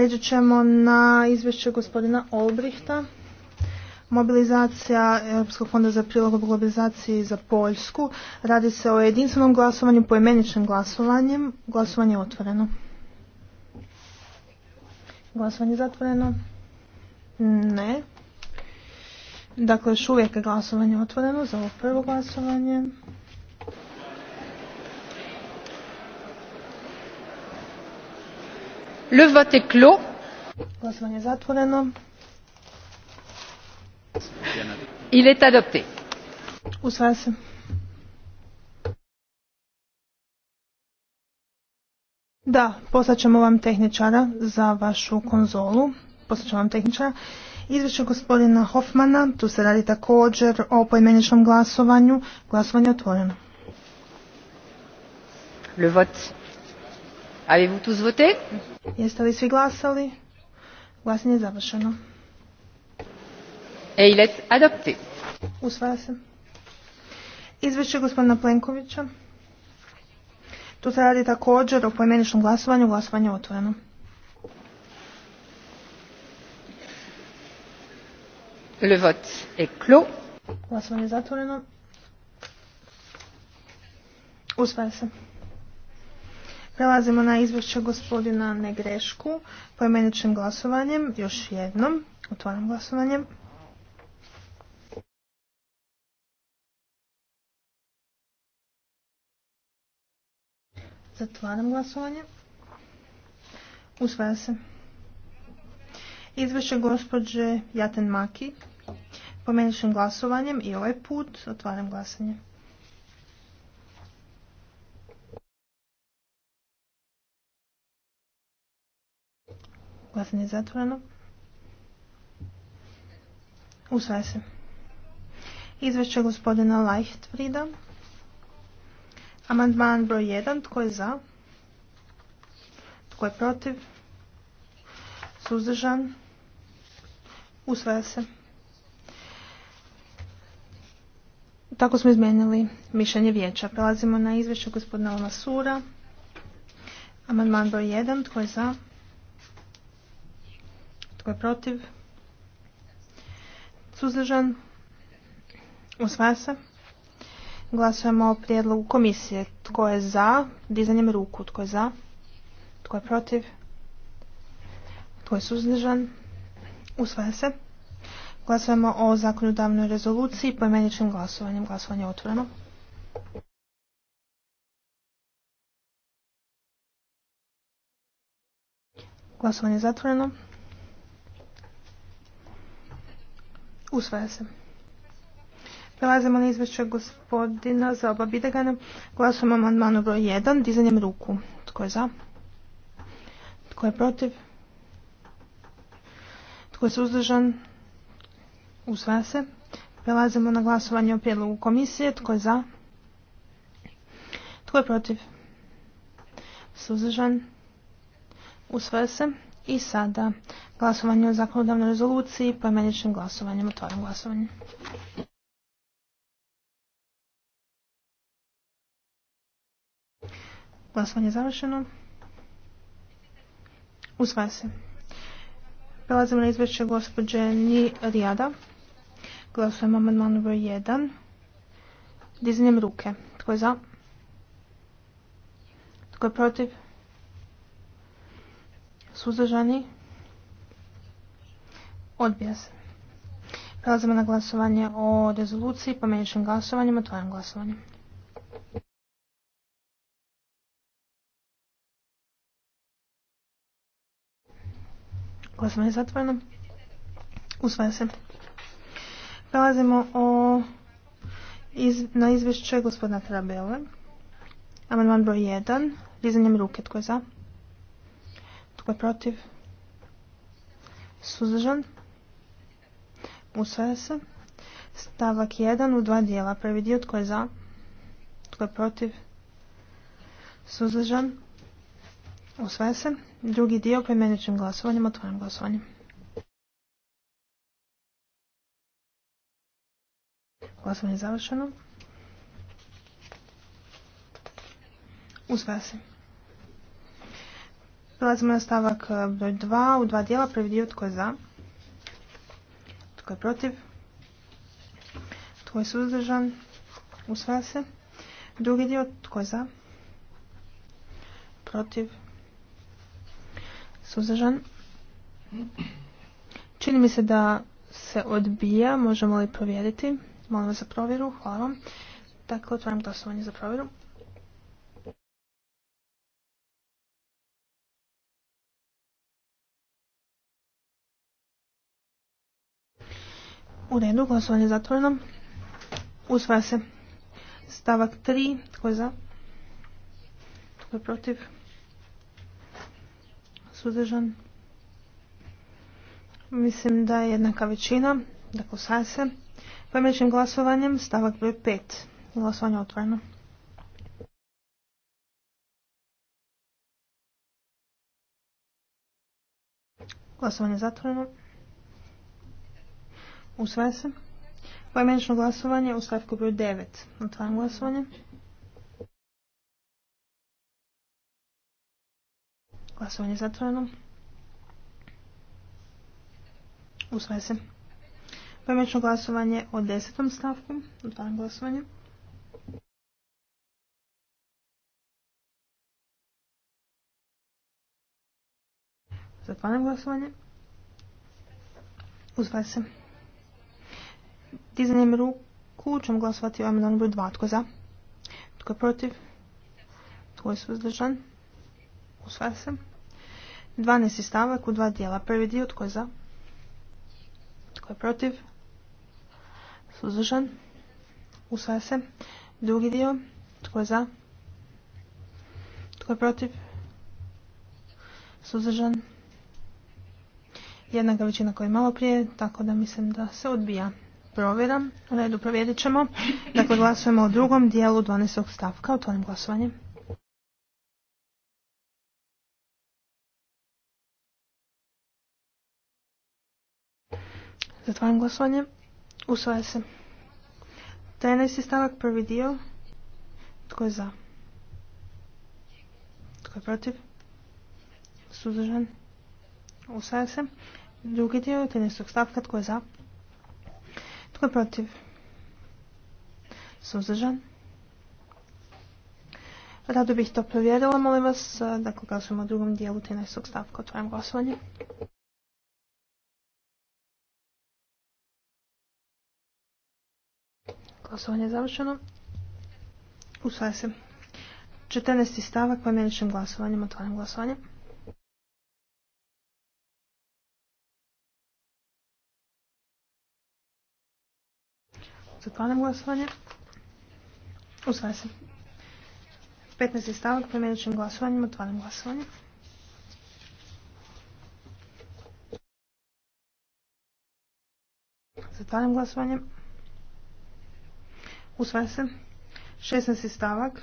Pređe ćemo na izvješće gospodina Olbrihta. Mobilizacija Europskog fonda za u globalizaciji za Poljsku. Radi se o jedinstvenom glasovanju, poimeničnim glasovanjem. Glasovanje je otvoreno. Glasovanje je zatvoreno. Ne. Dakle, još uvijek je glasovanje otvoreno za ovo prvo glasovanje. Le vote est clos. Glasovanje je zatvoreno. Il est adopté. se. Da, poslat vam tehničara za vašu konzolu. Poslat ćemo vam tehničara. Izvješće gospodina Hoffmana, tu se radi također o pojmeničnom glasovanju. Glasovanje je otvoreno. Le vote Avez vous Jeste li svi glasali? Glasanje je završeno. E, Et est adopté. Usvaja se. Izvješće gospodina Plenkovića. Tu se radi također o poimeničnom glasovanju. Glasovanje je otvoreno. Le vote est clos. Glasovanje je zatvoreno. Usvaja se. Prelazimo na izvješće gospodina Negrešku poimeničnim glasovanjem. Još jednom otvaram glasovanjem. Zatvaram glasovanje. Usvaja se. Izvješće gospođe Jaten Maki. Pomeničnim glasovanjem i ovaj put otvaram glasanje. Glasanje je zatvoreno. Usvaja se. Izvješće gospodina Leichtfrida. Amandman broj 1. Tko je za? Tko je protiv? Suzdržan? Usvaja se. Tako smo izmijenili mišljenje vijeća. Prelazimo na izvješće gospodina Lamasura. Amandman broj 1. Tko je za? je protiv? Suzdržan? Usvaja se. Glasujemo o prijedlogu komisije. Tko je za? Dizanjem ruku. Tko je za? Tko je protiv? Tko je suzdržan? Usvaja se. Glasujemo o zakonodavnoj rezoluciji poimeničnim glasovanjem. Glasovanje je otvoreno. Glasovanje je zatvoreno. Usvaja se. Prelazimo na izvješće gospodina oba Bidegana. Glasujemo amandmanu broj 1, dizanjem ruku. Tko je za? Tko je protiv? Tko je suzdržan? Usvaja se. Prelazimo na glasovanje o prijedlogu komisije. Tko je za? Tko je protiv? Suzdržan? Usvaja se. I sada glasovanje o zakonodavnoj rezoluciji imeničnim glasovanjem. Otvaram glasovanje. Glasovanje je završeno. Usvaja se. Prelazimo na izvješće gospođe Ni Rijada. Glasujemo amandman broj 1. Dizanjem ruke. Tko je za? Tko je protiv? Suzdržani? Odbija se. Prelazimo na glasovanje o rezoluciji po glasovanjem o Otvaram glasovanje. Glasovanje je zatvoreno. Usvaja se. Prelazimo o, na izvješće gospodina Trabele. Amandman broj 1. Dizanjem ruke. Tko je za? Tko je protiv? Suzdržan? Usvaja se. Stavak jedan u dva dijela. Prvi dio tko je za? Tko je protiv? Suzdržan? Usvaja se. Drugi dio pojmeničnim glasovanjem. Otvorim glasovanjem. Glasovanje je završeno. Usvaja se. Prelazimo na stavak e, broj 2 u dva dijela. Prvi dio tko je za? Tko je protiv? Tko je suzdržan? Usvaja se. Drugi dio tko je za? Protiv? Suzdržan? Čini mi se da se odbija. Možemo li provjeriti? Molim vas za provjeru. Hvala vam. Dakle, otvaram glasovanje za provjeru. U redu, glasovanje je zatvoreno. Usvaja se stavak 3. Tko je za? Tko je protiv? Suzdržan? Mislim da je jednaka većina. Dakle, usvaja se. Pojmećim glasovanjem stavak broj 5. Glasovanje je otvoreno. Glasovanje je zatvoreno. Usvaja se. Pojmenično glasovanje u stavku broj 9. Otvaram glasovanje. Glasovanje je zatvoreno. Usvaja se. Pojmenično glasovanje o desetom stavku. Otvaram glasovanje. Zatvaram glasovanje. Usvaja se. Dizanjem ruku ćemo glasovati o amandman broj 2. Tko je za? Tko je protiv? Tko je suzdržan? Usvaja se. 12. stavak u dva dijela. Prvi dio tko je za? Tko je protiv? Suzdržan? Usvaja se. Drugi dio. Tko je za? Tko je protiv? Suzdržan? Jednaka većina koja je malo prije, tako da mislim da se odbija. Provjera. U redu provjerit ćemo. Dakle, glasujemo o drugom dijelu 12. stavka. Otvorim glasovanje. zatvorim glasovanje. Usvaja se. 13. stavak, prvi dio. Tko je za? Tko je protiv? Suzdržan? Usvaja se. Drugi dio, 13. stavka, tko je za? Tko protiv? Suzdržan? Rado bih to provjerila, molim vas. Dakle, glasujemo u drugom dijelu 13. stavka. Otvaram glasovanje. Glasovanje je završeno. Usvaja se. 14. stavak, pojedinačnim glasovanjem. Otvaram glasovanje. Zatvaram glasovanje. Usvaja se. 15. stavak promjeničnim glasovanjem. Otvaram glasovanje. Zatvaram glasovanje. Usvaja se. 16. stavak.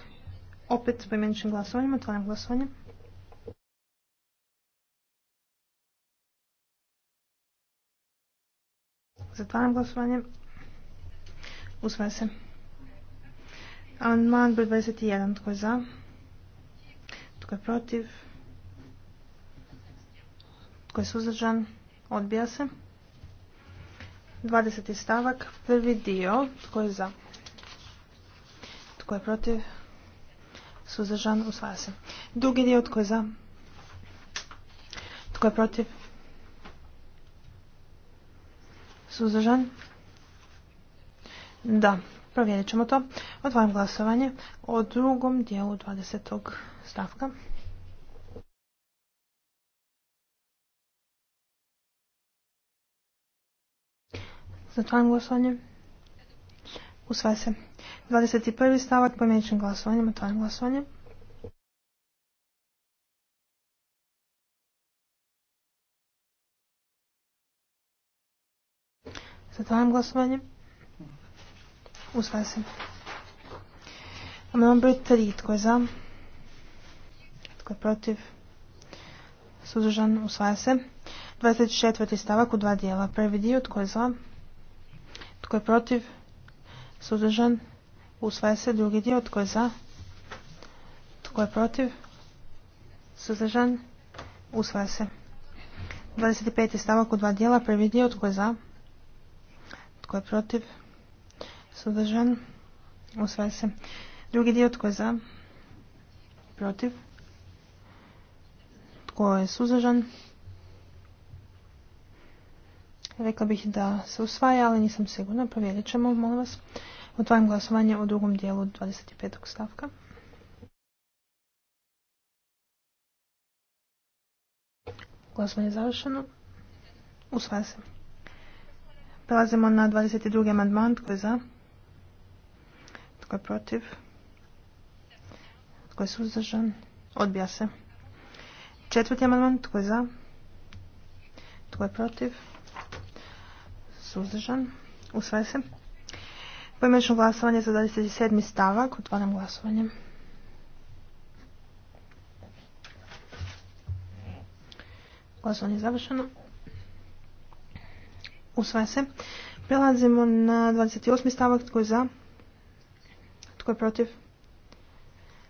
Opet pojmeničnim glasovanjem. Otvaram glasovanje. Zatvaram glasovanje. Usvaja se. Amandman broj 21. Tko je za? Tko je protiv? Tko je suzdržan? Odbija se. 20. stavak. Prvi dio. Tko je za? Tko je protiv? Suzdržan. Usvaja se. Drugi dio. Tko je za? Tko je protiv? Suzdržan. Da, provjerit ćemo to. Otvorim glasovanje o drugom dijelu 20. stavka. Zatvaram glasovanje. Usvaj se. 21. stavak pojmeničnim glasovanjem. Otvaram glasovanje. Zatvarim glasovanje. Usvaja se. broj tri Tko je za? Tko je protiv? Suzdržan. Usvaja se. 24. stavak u dva dijela. Prvi dio. Tko je za? Tko je protiv? Suzdržan. Usvaja se. Drugi dio. Tko je za? Tko je protiv? Suzdržan. Usvaja se. 25. stavak u dva dijela. Prvi dio. Tko je za? Tko je protiv? Suzdržan? Usvaja se. Drugi dio tko je za? Protiv? Tko je suzdržan? Rekla bih da se usvaja, ali nisam sigurna. Provjerit ćemo, molim vas. Otvaram glasovanje u drugom dijelu 25. stavka. Glasovanje je završeno. Usvaja se. Prelazimo na 22. amandman. Tko je za? Tko je protiv? Tko je suzdržan? Odbija se. Četvrti amandman. Tko je za? Tko je protiv? Suzdržan. Usvaja se. Poimenično glasovanje za 27. stavak. Otvaram glasovanje. Glasovanje je završeno. Usvaja se. Prelazimo na 28. stavak. Tko je za? Tko je protiv?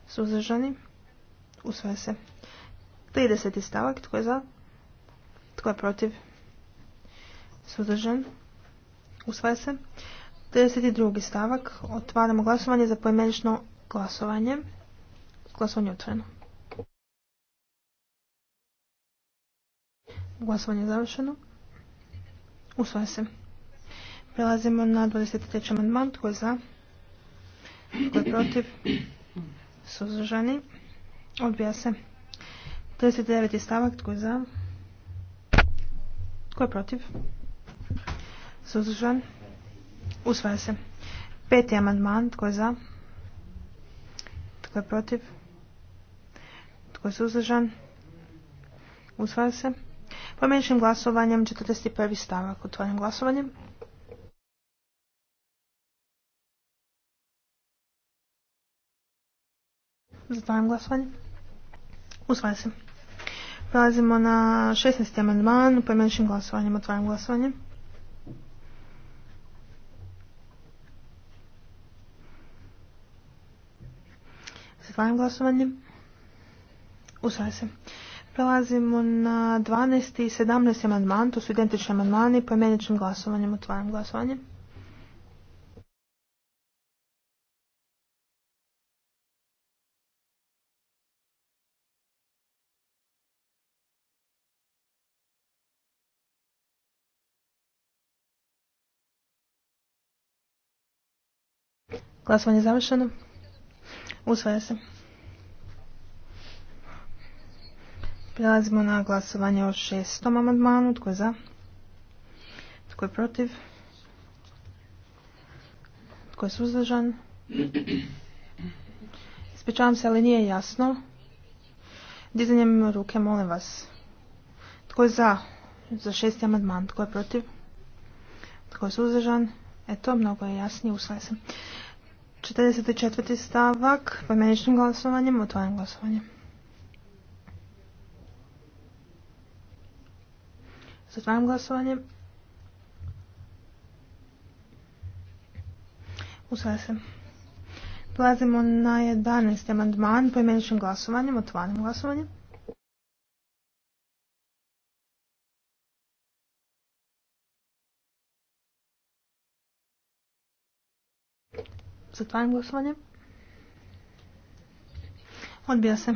Suzdržani? Usvaja se. 30. stavak. Tko je za? Tko je protiv? Suzdržan? Usvaja se. 32. stavak. Otvaramo glasovanje za pojmenično glasovanje. Glasovanje otvoreno. Glasovanje je završeno. Usvaja se. Prelazimo na 23. amandman. Tko je za? Tko je protiv? Suzdržani. Odbija se. 39. stavak. Tko je za? Tko je protiv? Suzdržan. Usvaja se. Peti amandman. Tko je za? Tko je protiv? Tko je suzdržan? Usvaja se. Pomeničnim glasovanjem 41. stavak. Otvorim glasovanjem. Zatvaram glasovanje. Usvaja se. Prelazimo na 16. amandman pojmeničnim glasovanjem. Otvaram glasovanje. Zatvaram glasovanje. Usvaja se. Prelazimo na 12. i 17. amandman. To su identični amandmani. Pojmeničnim glasovanjem. Otvaram glasovanje. Glasovanje je završeno. Usvaja se. Prelazimo na glasovanje o šestom amandmanu. Tko je za? Tko je protiv? Tko je suzdržan? Ispričavam se, ali nije jasno. Dizanjem ruke, molim vas. Tko je za? Za šesti amandman. Tko je protiv? Tko je suzdržan? Eto, mnogo je jasnije, usvaja se. 44. stavak, imeničnim glasovanjem, otvaram glasovanje. Zatvaram glasovanje. Usvaja se. Prelazimo na 11. amandman, imeničnim glasovanjem, otvaram glasovanje. Zatvaram glasovanje. Odbija se.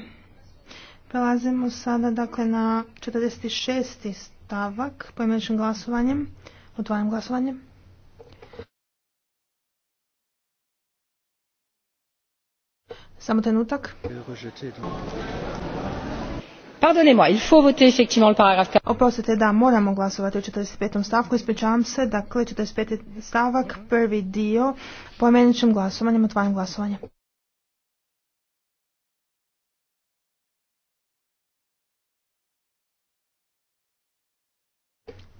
Prelazimo sada dakle na 46. stavak pojmeničnim glasovanjem. Otvaram glasovanje. Samo trenutak pardonnez moi il faut voter effectivement le paragraphe Oprostite, da, moramo glasovati o 45. stavku, ispričavam se, dakle 45. stavak, prvi dio, poimeničnim glasovanjem, otvaram glasovanje.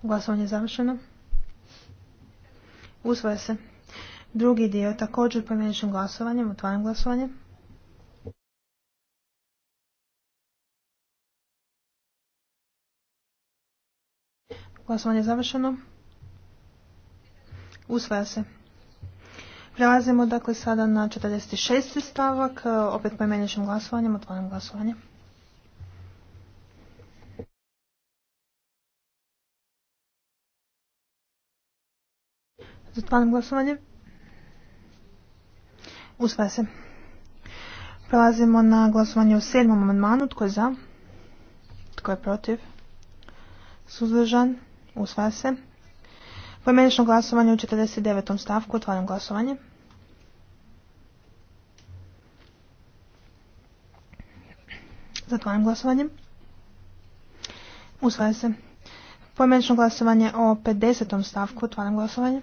Glasovanje je završeno. Usvoje se. Drugi dio također poimeničnim glasovanjem, otvaram glasovanje. Glasovanje je završeno. Usvaja se. Prelazimo dakle sada na 46. stavak, opet poimeničnim glasovanjem, otvaram glasovanje. Zatvaram glasovanje. Usvaja se. Prelazimo na glasovanje u sedmom amandmanu. Tko je za? Tko je protiv? Suzdržan? Usvaja se. Pojmenično glasovanje u 49. stavku. Otvaram glasovanje. Zatvaram glasovanje. Usvaja se. Pojmenično glasovanje o 50. stavku. Otvaram glasovanje.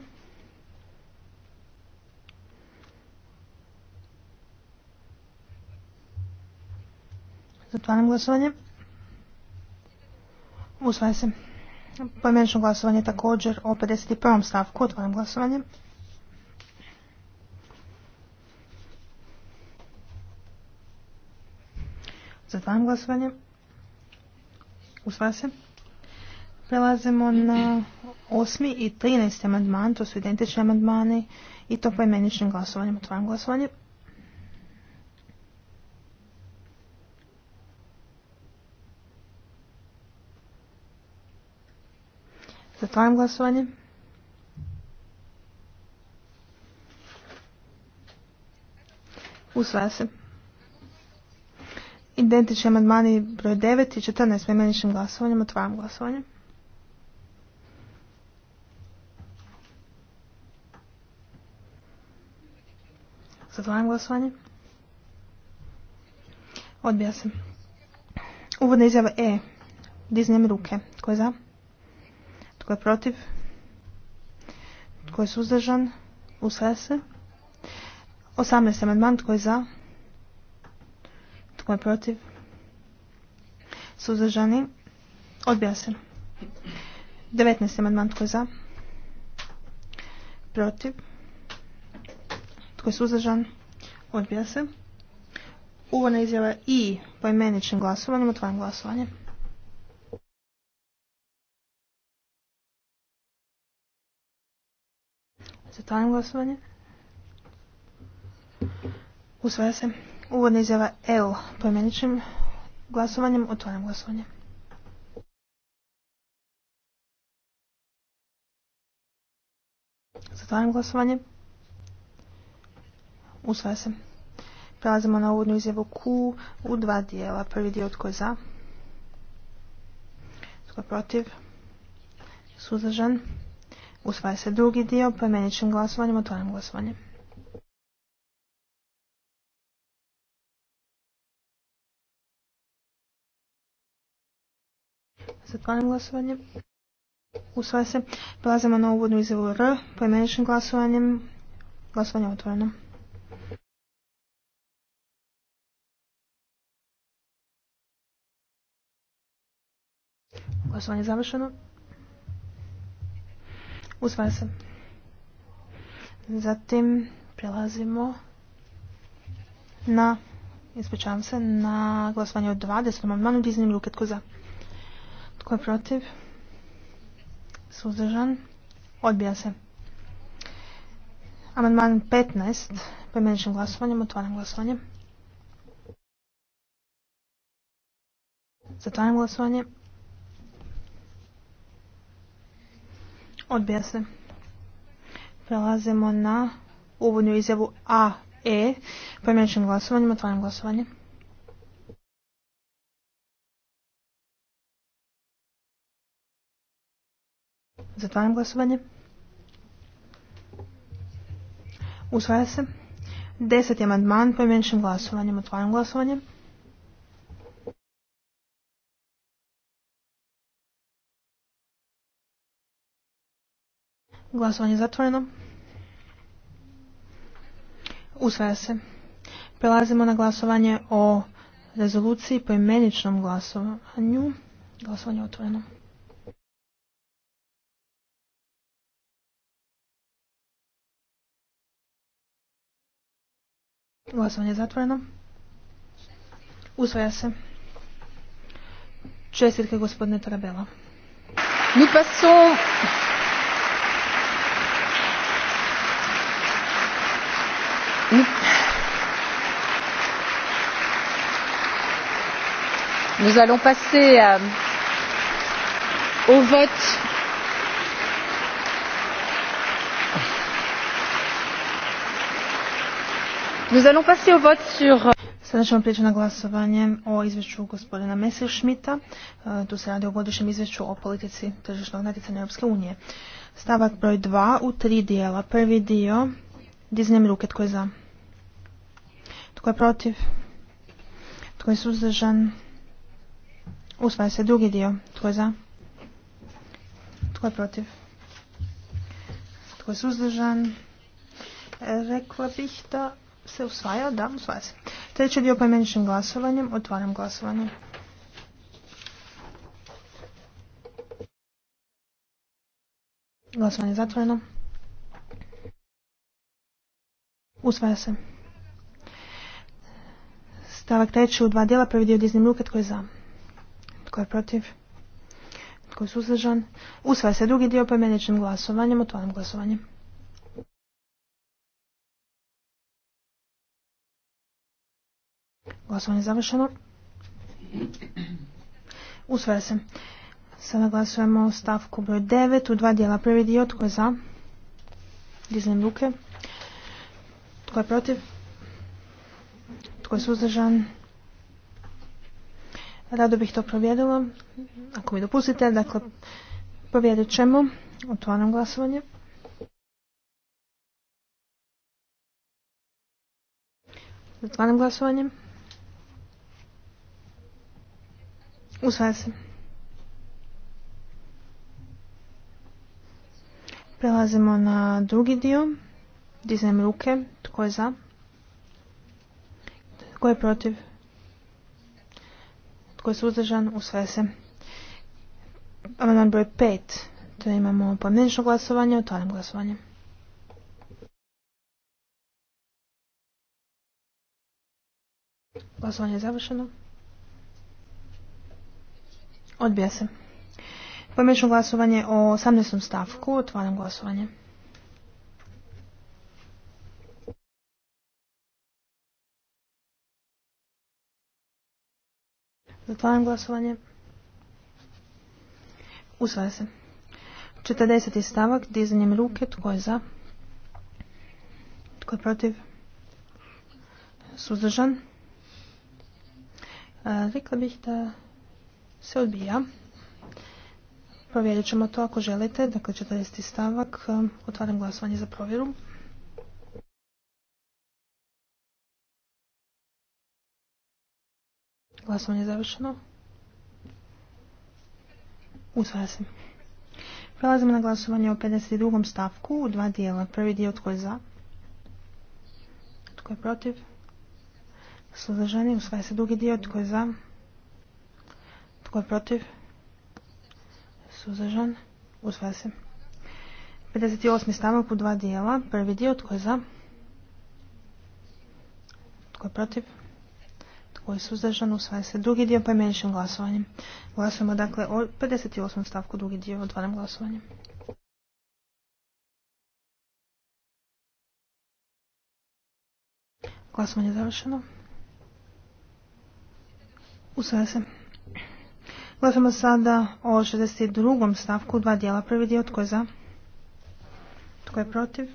Zatvaram glasovanje. Usvaja se. Pojmenično glasovanje također o 51. stavku. Otvorim glasovanje. Zatvaram glasovanje. Usvaja se. Prelazimo na 8. i 13. amandman. To su identični amandmani i to poimeničnim glasovanjem. Otvaram glasovanje. Zatvaram glasovanje. Usvaja se. Identični amandmani broj 9 i 14 imeničnim glasovanjem. Otvaram glasovanje. Zatvaram glasovanje. Odbija se. Uvodna izjava E. Diznijem ruke. Tko je za? Tko je protiv? Tko je suzdržan? Usvaja se. 18. amandman. Tko je za? Tko je protiv? Suzdržani? Odbija se. 19. amandman. Tko je za? Protiv? Tko je suzdržan? Odbija se. Uvodna izjava i poimeničnim glasovanjem. Otvaram glasovanje. tajno glasovanje. Usvaja se. Uvodna izjava L. E Pojmeničnim glasovanjem otvaram glasovanje. Zatvaram glasovanje. Usvaja se. Prelazimo na uvodnu izjavu Q u dva dijela. Prvi dio tko je za, tko je protiv, suzdržan. Usvaja se drugi dio poimeničnim glasovanjem, otvaram glasovanje. Zatvaram glasovanje. Usvaja se. Prelazimo na uvodnu izjavu R. Poimeničnim glasovanjem. Glasovanje otvoreno. Glasovanje završeno. Usvaja se. Zatim prelazimo na, ispričavam se, na glasovanje od 20. manu dizanjem ruke. Tko za? Tko je protiv? Suzdržan? Odbija se. Amandman 15. Pojmeničnim glasovanjem. Otvaram glasovanje. Zatvaram glasovanje. Odbija se. Prelazimo na uvodnju izjavu A, E. Pojmeničnim glasovanjem, otvaram glasovanje. Zatvaram glasovanje. Usvaja se. Deseti amandman pojmeničnim glasovanjem. Otvaram glasovanje. Glasovanje je zatvoreno. Usvaja se. Prelazimo na glasovanje o rezoluciji po imeničnom glasovanju. Glasovanje je otvoreno. Glasovanje je zatvoreno. Usvaja se. Čestitke gospodine Tarabela. Mi nous allons passer euh, au vote nous allons passer au vote sur euh, Sada ćemo prijeći na glasovanje o izvješću gospodina Messerschmitta. E, tu se radi o godišnjem izvješću o politici tržišnog natjecanja Europske unije. Stavak broj 2 u tri dijela. Prvi dio dizanjem ruke tko je za. Tko je protiv? Tko je suzdržan? Usvaja se drugi dio. Tko je za? Tko je protiv? Tko je suzdržan? Rekla bih da se usvaja. Da, usvaja se. Treći dio poimeničnim glasovanjem. Otvaram glasovanje. Glasovanje je zatvoreno. Usvaja se. Stavak treći u dva dijela, prvi dio diznim ruke, tko je za? Tko je protiv? Tko je suzdržan? Usvaja se drugi dio pojmeničnim glasovanjem, otvaram glasovanjem. Glasovanje je završeno. Usvaja se. Sada glasujemo stavku broj 9 u dva dijela. Prvi dio, tko je za? diznim ruke. Tko je protiv? Tko je suzdržan? Rado bih to provjerila. Ako mi dopustite, dakle, provjerit ćemo. Otvaram glasovanje. Zatvaram glasovanje. se. Prelazimo na drugi dio dizem ruke. Tko je za? Tko je protiv? Tko je suzdržan? Usvaja se. Amandman broj 5. To imamo pomenično glasovanje, otvaram glasovanje. Glasovanje je završeno. Odbija se. Pomenično glasovanje o 18. stavku, otvaram glasovanje. Zatvaram glasovanje. Usvaja se. 40. stavak, dizanjem ruke, tko je za? Tko je protiv? Suzdržan? E, rekla bih da se odbija. Provjerit ćemo to ako želite. Dakle, 40. stavak, e, otvaram glasovanje za provjeru. Glasovanje je završeno. Usvaja se. Prelazimo na glasovanje o 52. stavku u dva dijela. Prvi dio tko je za, tko je protiv, suzdržani. Usvaja se drugi dio tko je za, tko je protiv, suzdržan. Usvaja se. 58. stavak u dva dijela. Prvi dio tko je za, tko je protiv, tko je suzdržan? Usvaja se drugi dio poimeničnim glasovanjem. Glasujemo dakle o 58. stavku drugi dio otvaram glasovanjem. Glasovanje je završeno. Usvaja se. Glasujemo sada o 62. stavku dva dijela. Prvi dio tko je za? Tko je protiv?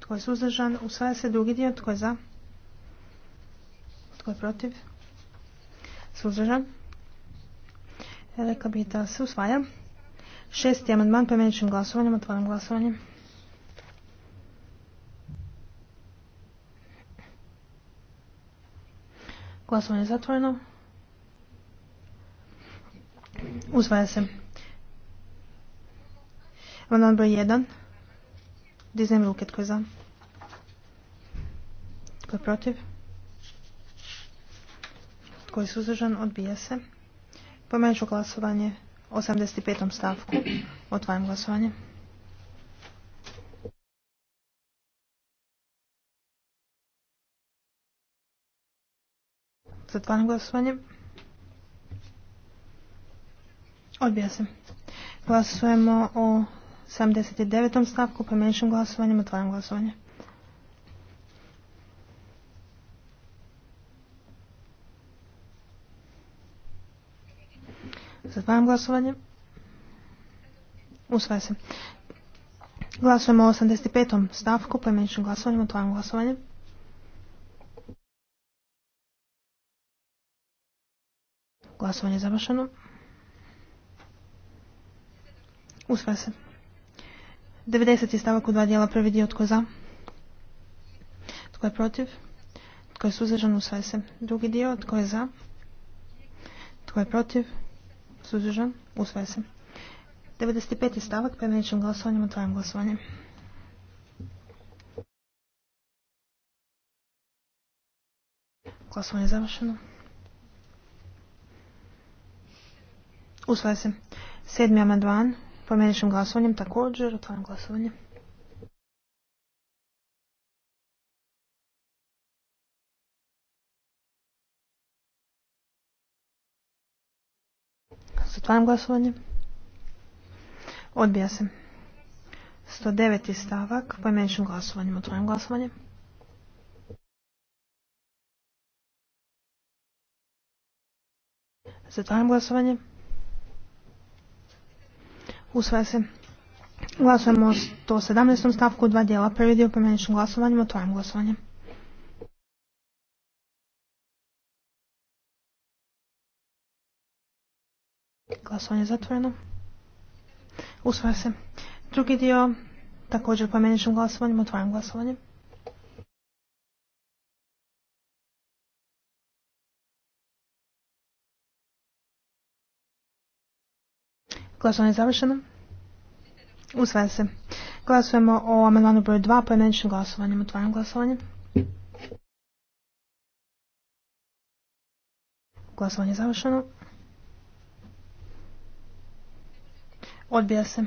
Tko je suzdržan? Usvaja se drugi dio tko je za? Tko je protiv? Suzdržan? E, Rekla bih da se usvaja. Šesti amandman pojmeničnim glasovanjem. otvorim glasovanje. Glasovanje je zatvoreno. Usvaja se. Amandman broj 1. Dizem ruke. Tko je za? Tko je protiv? koji je suzdržan? Odbija se. ću glasovanje 85. stavku. Otvaram glasovanje. Zatvaram glasovanje. Odbija se. Glasujemo o 79. stavku. Pomenično glasovanjem. Otvaram glasovanje. Zatvaram glasovanje. Usvaja se. Glasujemo o 85. stavku pojmeničnim glasovanjem. Otvaram glasovanje. Glasovanje je završeno. Usvaja se. 90. stavak u dva dijela prvi dio tko je za. Tko je protiv? Tko je suzdržan? Usvaja se. Drugi dio tko je za. Tko je protiv? Suzdržan? Usvaja se. 95. stavak, pojedinačnim glasovanjem, otvaram glasovanje. Glasovanje je završeno. Usvaja se. Sedmi amandman, pojedinačnim glasovanjem, također, otvaram glasovanje. Zatvaram glasovanje. Odbija se. 109. stavak. Pojmeničnim glasovanjem. Otvaram glasovanje. Zatvaram glasovanje. Usvaja se. Glasujemo o 117. stavku u dva dijela. Prvi dio pojmeničnim glasovanjem. Otvaram glasovanje. Glasovanje zatvoreno. Usvaja se. Drugi dio, također pomeničnim glasovanjem, otvaram glasovanje. Glasovanje je završeno. Usvaja se. Glasujemo o amandmanu broju 2 pojedinačnim glasovanjem. Otvaram glasovanje. Glasovanje je završeno. Odbija se.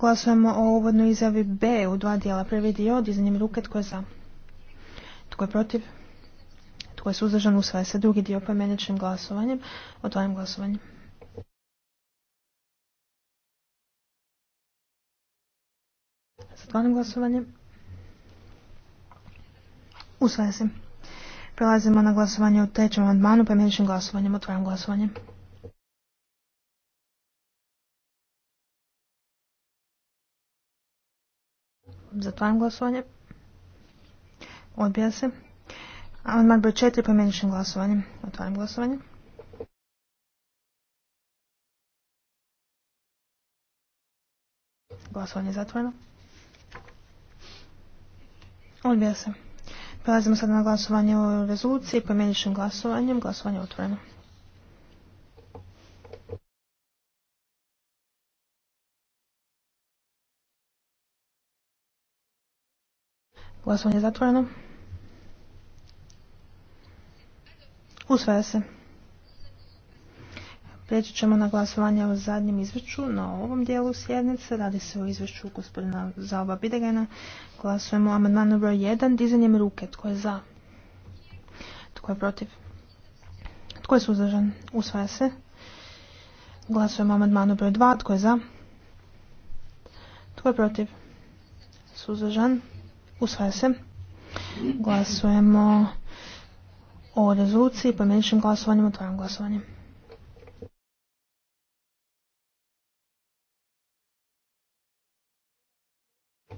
Glasujemo o uvodnoj izjavi B u dva dijela. Prvi dio, dizanjem ruke, tko je za? Tko je protiv? Tko je suzdržan? Usvaja se. Drugi dio, pojmeničnim glasovanjem. Otvaram glasovanje. Zatvaram glasovanje. Usvaja se. Prelazimo na glasovanje u trećem amandmanu, pojmeničnim glasovanjem. Otvaram glasovanje. Zatvaram glasovanje. Odbija se. Amandman broj 4 imeničnim glasovanjem. Otvaram glasovanje. Glasovanje je zatvoreno. Odbija se. Prelazimo sad na glasovanje o rezoluciji imeničnim glasovanjem. Glasovanje je otvoreno. Glasovanje je zatvoreno. Usvaja se. Prijeći ćemo na glasovanje o zadnjem izvješću na ovom dijelu sjednice. Radi se o izvješću gospodina Zalba Bidegena. Glasujemo amandman broj 1 dizanjem ruke. Tko je za? Tko je protiv? Tko je suzdržan? Usvaja se. Glasujemo amandman broj 2. Tko je za? Tko je protiv? Suzdržan? Usvaja se. Glasujemo o rezoluciji po meničnim o Otvaram glasovanje.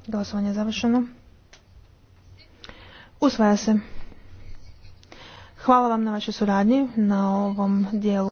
Glasovanje je završeno. Usvaja se. Hvala vam na vašoj suradnji na ovom dijelu.